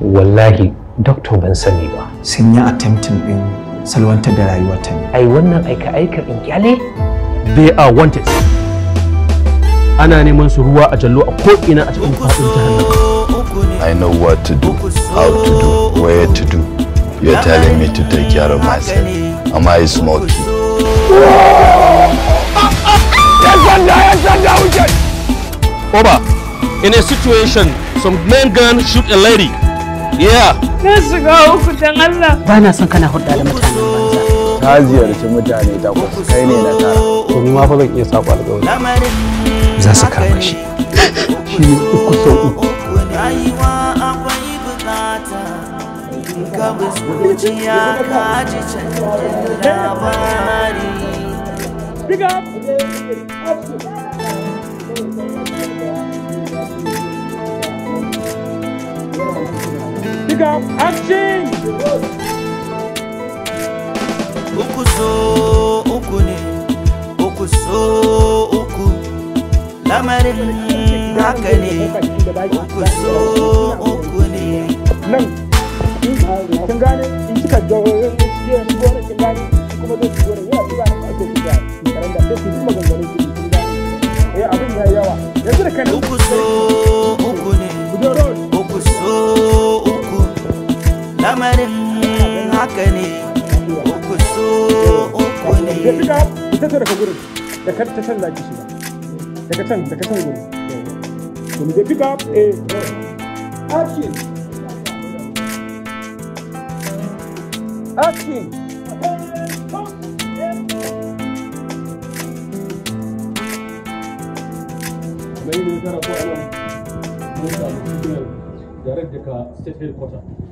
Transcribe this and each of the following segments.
wallahi doctor ban sani ba sun yi attempting din salwantar da rayuwar ta ne ai wannan aika aikar in kyale they are wanted ana neman su ruwa a jallo a ko ina a cikin fasin jahannama i know what to do how to do where to do you're telling me to take care of myself am i a Oba! in a situation some men gun shoot a lady yeah na shiga uku dan kana da mutane ta ziyarci mutane kai ne na tara to ma fa zan iya sako alƙawari za su kama shi shi ne uku sau uku diga action uku so uku uku lamarin haka ne uku uku ne gane in jawo yin gane kuma zai da yawa zuwa na ake shiga karanta sai su yi abin ya yawa yanzu da lamarin haka ne uku so uku ne ita ta daga gurin da kar ta can za ki shiga daga can daga can gurin to mu je pick up eh action action Mai ne tara ko ana mun samu signal direct daga state headquarters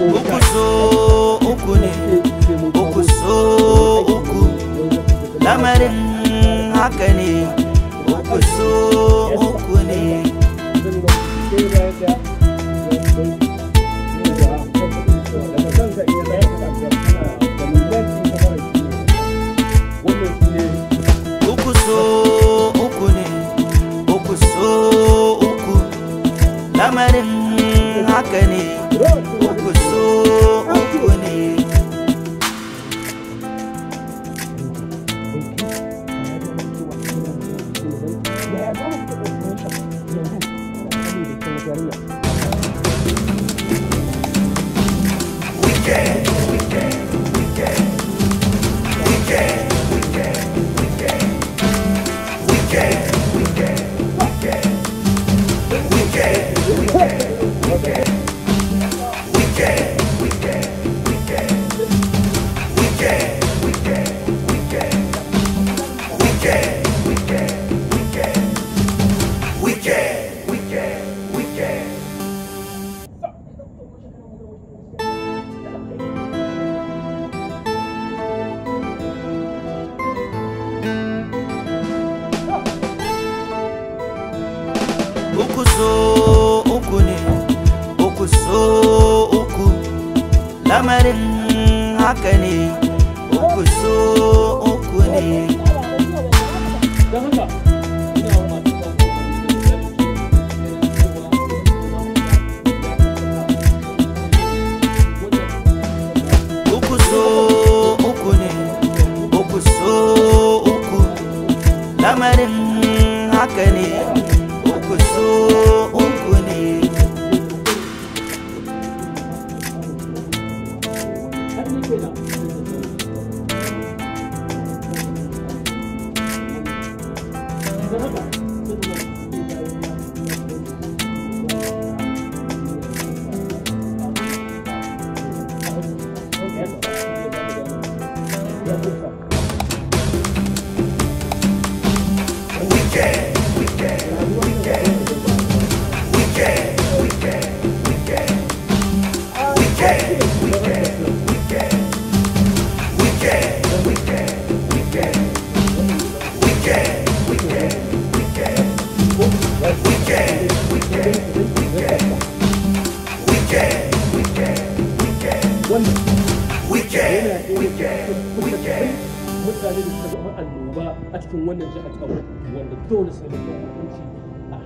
uku uku ne uku uku lamarin haka ne uku uku ne haka ne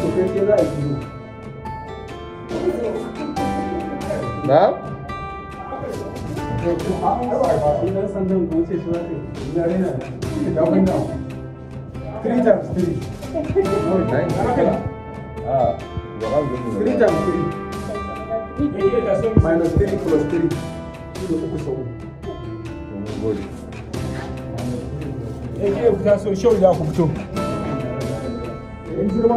ke za a kiro na? idan sandan kuma ce shi za ka yi na rena da wani na 3 times 3 Ah, Three times three. Minus three plus three. Shi ne uku sau. Gode. Eke ku taso, shau da ku fito. Yanzu ma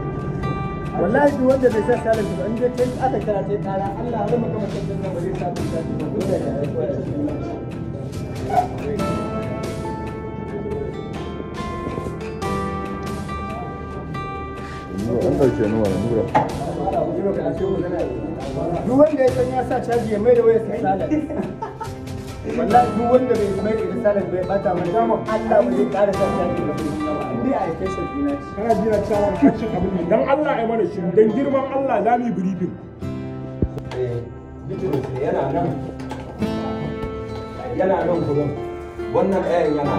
wallahi duk wanda zai sa salon ba in dai kai aka kira ta kara Allah har maka maka da ba zai sa ta ba an duk wanda ya san ya sa caji ya mai da wayar sa wallahi duk wanda bai mai da salar bai bata mai dama Allah bai zai ƙara sa ta ke mafi ni a yake shi dina ci kana jira cewa kashin abin nan dan Allah ya mana shi dan girman Allah za mu yi briefing eh bitrus yana nan yana nan gurin wannan kayan yana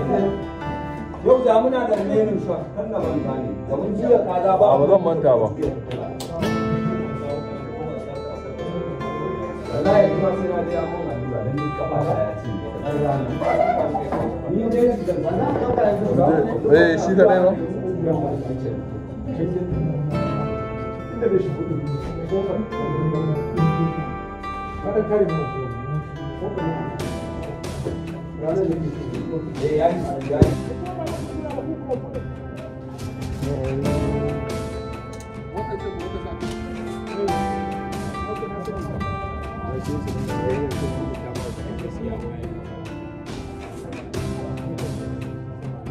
nan yau da muna da lenin shi kan da manta ne da mun jiya kaza ba ba zan manta ba saya cuma sengaja aku nggak juga dan di kapal saya sih ini dia sudah mana kau kan sudah eh sih dah lo ini dia sudah ada kali mau Eh, ay, ay, ay. What is it? What is that?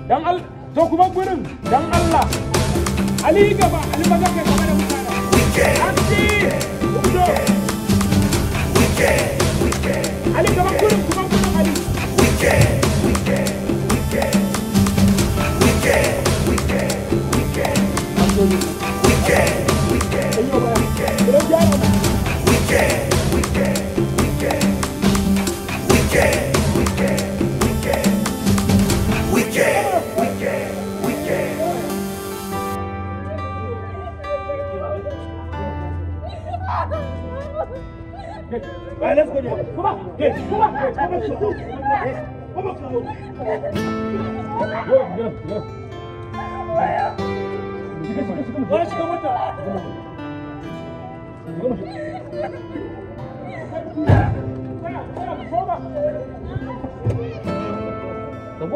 dan al to kuma gurin dan Allah ali gaba ali maza kai game da mutane 예, 호박, 호박, 호박, 호박. 뭐, 미안, 미안. 뭐야? 지금, 지금, 지금. 와, 지금 왔다. 이거 뭐? 뭐야, 뭐야, 호박. 여보?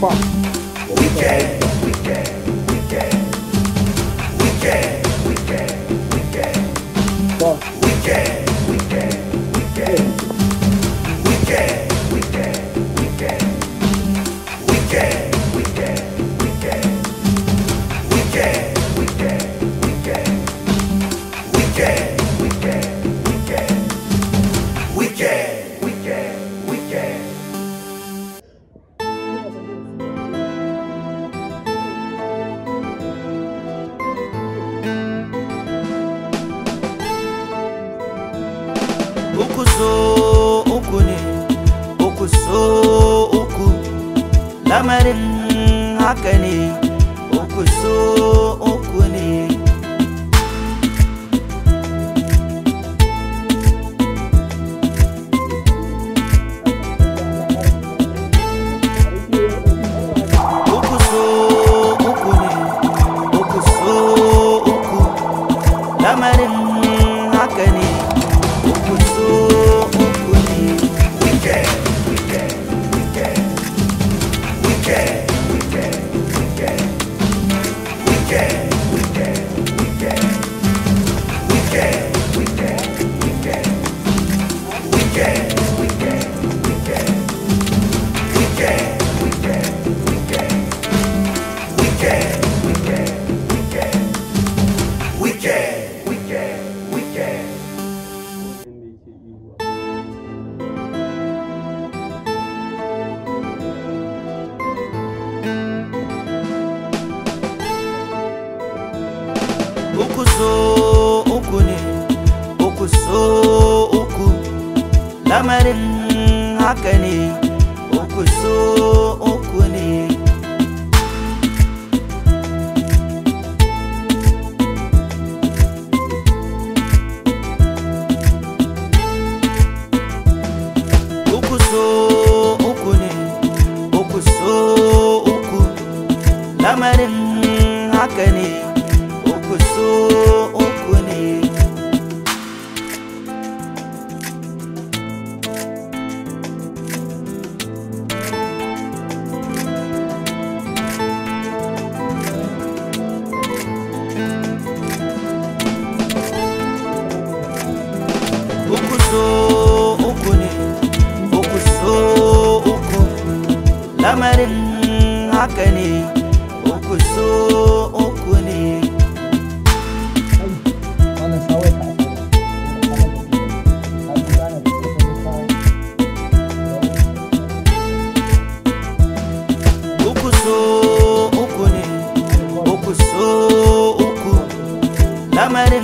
画，我画。uku so uku ne uku so uku lamarin haka ne uku so uku so uku ne uku so uku lamarin haka ne uku so uku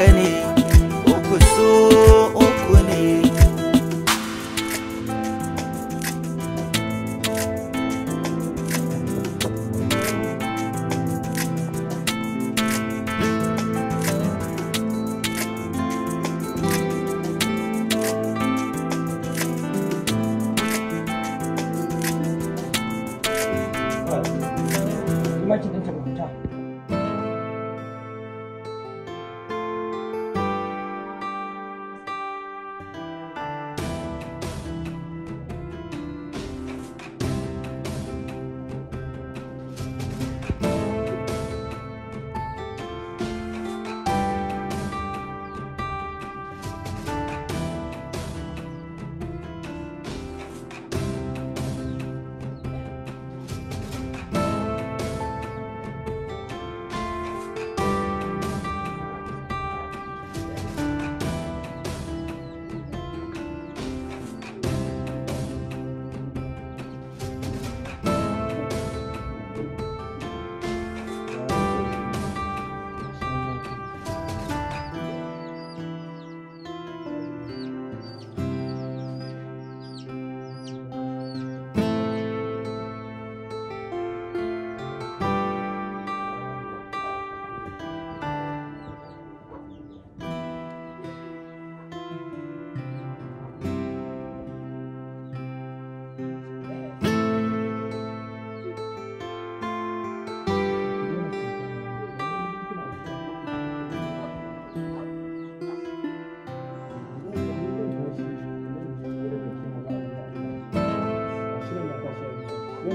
gani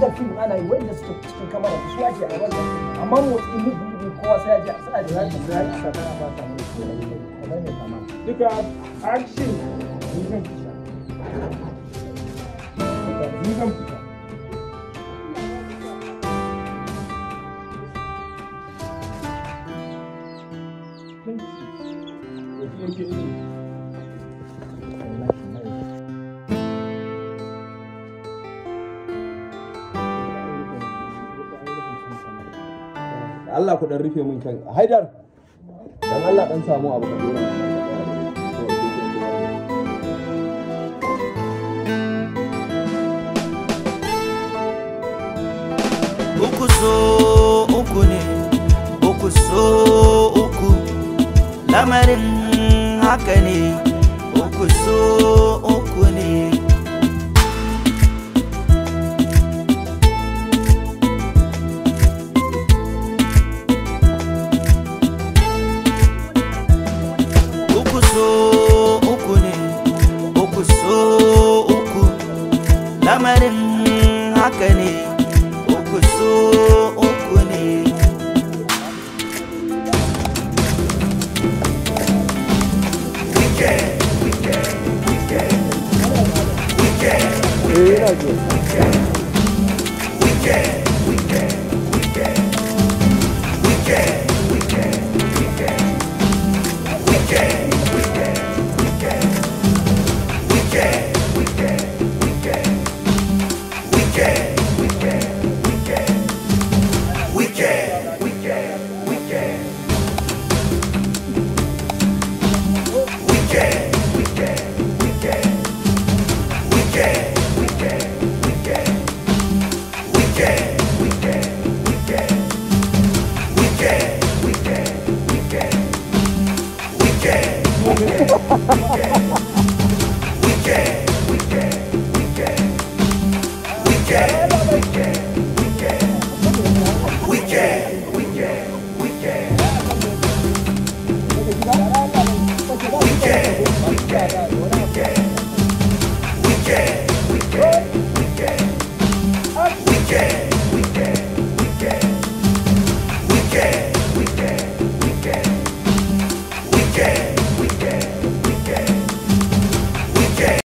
idan film ana yi wanda suke cikin kamar su a wannan amma motsi mugu mugu sai a ji a sa'a da zaki da zaki shaka ba ta kamar duka action ni zan fita ni zan fita ku dan rufe min kyan haidar dan Allah dan samu abu da dora uku so uku ne uku so uku lamarin haka ne uku so uku ne haka ne uku so uku ne Yeah, yeah, yeah.